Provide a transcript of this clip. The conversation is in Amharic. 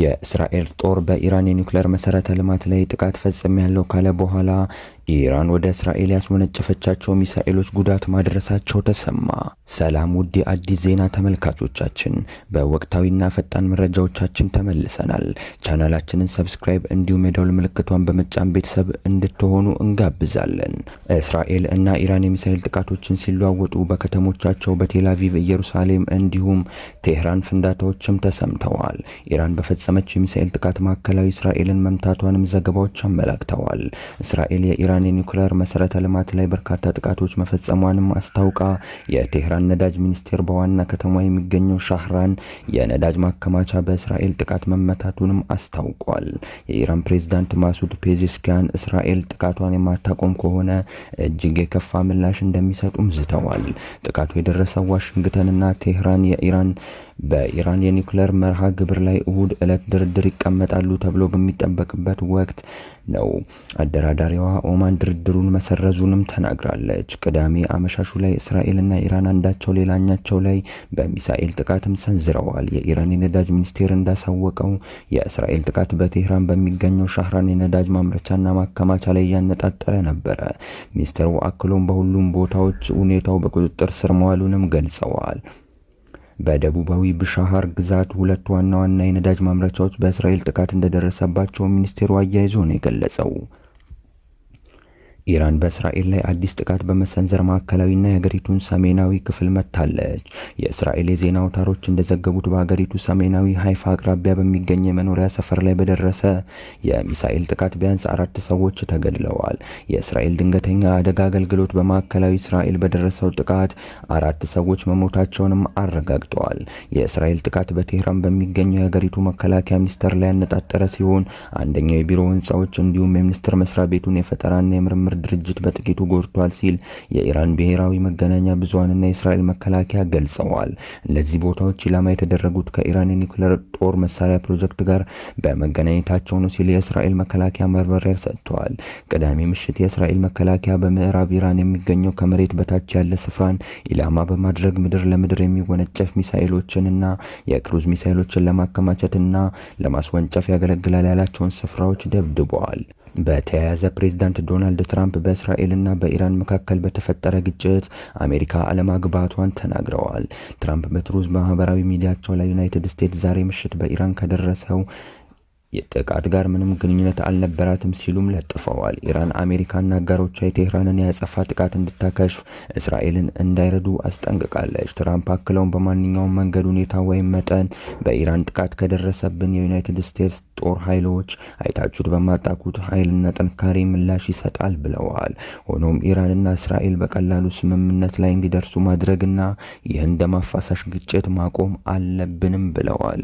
የእስራኤል ጦር በኢራን የኒውክሌር መሰረተ ልማት ላይ ጥቃት ፈጽም ያለው ካለ በኋላ ኢራን ወደ እስራኤል ያስወነጨፈቻቸው ሚሳኤሎች ጉዳት ማድረሳቸው ተሰማ። ሰላም ውድ የአዲስ ዜና ተመልካቾቻችን፣ በወቅታዊና ፈጣን መረጃዎቻችን ተመልሰናል። ቻናላችንን ሰብስክራይብ እንዲሁም የደውል ምልክቷን በመጫን ቤተሰብ እንድትሆኑ እንጋብዛለን። እስራኤል እና ኢራን የሚሳኤል ጥቃቶችን ሲለዋወጡ በከተሞቻቸው በቴላቪቭ፣ ኢየሩሳሌም እንዲሁም ቴህራን ፍንዳታዎችም ተሰምተዋል። ኢራን በፈጸመችው የሚሳኤል ጥቃት ማዕከላዊ እስራኤልን መምታቷንም ዘገባዎች አመላክተዋል። እስራኤል የኢራን ኢራን የኒውክሌር መሰረተ ልማት ላይ በርካታ ጥቃቶች መፈጸሟንም አስታውቃ የቴህራን ነዳጅ ሚኒስቴር በዋና ከተማ የሚገኘው ሻህራን የነዳጅ ማከማቻ በእስራኤል ጥቃት መመታቱንም አስታውቋል። የኢራን ፕሬዝዳንት ማሱድ ፔዜስኪያን እስራኤል ጥቃቷን የማታቆም ከሆነ እጅግ የከፋ ምላሽ እንደሚሰጡም ዝተዋል። ጥቃቱ የደረሰው ዋሽንግተንና ቴህራን የኢራን በኢራን የኒውክሌር መርሃ ግብር ላይ እሁድ ዕለት ድርድር ይቀመጣሉ ተብሎ በሚጠበቅበት ወቅት ነው። አደራዳሪዋ ኦማን ድርድሩን መሰረዙንም ተናግራለች። ቅዳሜ አመሻሹ ላይ እስራኤልና ኢራን አንዳቸው ሌላኛቸው ላይ በሚሳኤል ጥቃትም ሰንዝረዋል። የኢራን የነዳጅ ሚኒስቴር እንዳሳወቀው የእስራኤል ጥቃት በቴህራን በሚገኘው ሻህራን የነዳጅ ማምረቻና ማከማቻ ላይ እያነጣጠረ ነበረ። ሚኒስቴሩ አክሎም በሁሉም ቦታዎች ሁኔታው በቁጥጥር ስር መዋሉንም ገልጸዋል። በደቡባዊ ብሻሃር ግዛት ሁለት ዋና ዋና የነዳጅ ማምረቻዎች በእስራኤል ጥቃት እንደደረሰባቸው ሚኒስቴሩ አያይዞ ነው የገለጸው። ኢራን በእስራኤል ላይ አዲስ ጥቃት በመሰንዘር ማዕከላዊና የሀገሪቱን ሰሜናዊ ክፍል መታለች። የእስራኤል የዜና አውታሮች እንደዘገቡት በሀገሪቱ ሰሜናዊ ሀይፋ አቅራቢያ በሚገኝ የመኖሪያ ሰፈር ላይ በደረሰ የሚሳኤል ጥቃት ቢያንስ አራት ሰዎች ተገድለዋል። የእስራኤል ድንገተኛ አደጋ አገልግሎት በማዕከላዊ እስራኤል በደረሰው ጥቃት አራት ሰዎች መሞታቸውንም አረጋግጠዋል። የእስራኤል ጥቃት በቴህራን በሚገኘው የሀገሪቱ መከላከያ ሚኒስቴር ላይ ያነጣጠረ ሲሆን አንደኛው የቢሮ ህንፃዎች እንዲሁም የሚኒስቴር መስሪያ ቤቱን የፈጠራና የምርምር የሽብር ድርጅት በጥቂቱ ጎድቷል ሲል የኢራን ብሔራዊ መገናኛ ብዙሃንና የእስራኤል መከላከያ ገልጸዋል። እነዚህ ቦታዎች ኢላማ የተደረጉት ከኢራን የኒውክሌር ጦር መሳሪያ ፕሮጀክት ጋር በመገናኘታቸው ነው ሲል የእስራኤል መከላከያ ማብራሪያ ሰጥተዋል። ቅዳሜ ምሽት የእስራኤል መከላከያ በምዕራብ ኢራን የሚገኘው ከመሬት በታች ያለ ስፍራን ኢላማ በማድረግ ምድር ለምድር የሚወነጨፍ ሚሳኤሎችንና የክሩዝ ሚሳኤሎችን ለማከማቸትና ለማስወንጨፍ ያገለግላል ያላቸውን ስፍራዎች ደብድበዋል። በተያያዘ ፕሬዝዳንት ዶናልድ ትራምፕ በእስራኤልና በኢራን መካከል በተፈጠረ ግጭት አሜሪካ አለማግባቷን ተናግረዋል። ትራምፕ በትሩዝ ማህበራዊ ሚዲያቸው ላይ ዩናይትድ ስቴትስ ዛሬ ምሽት በኢራን ከደረሰው የጥቃት ጋር ምንም ግንኙነት አልነበራትም ሲሉም ለጥፈዋል። ኢራን አሜሪካና አጋሮቿ የቴህራንን ያጸፋ ጥቃት እንድታከሽፍ እስራኤልን እንዳይረዱ አስጠንቅቃለች። ትራምፕ አክለውም በማንኛውም መንገድ ሁኔታ ወይም መጠን በኢራን ጥቃት ከደረሰብን የዩናይትድ ስቴትስ ጦር ኃይሎች አይታችሁት በማጣቁት ኃይልና ጥንካሬ ምላሽ ይሰጣል ብለዋል። ሆኖም ኢራንና እስራኤል በቀላሉ ስምምነት ላይ እንዲደርሱ ማድረግና ይህን ደም አፋሳሽ ግጭት ማቆም አለብንም ብለዋል።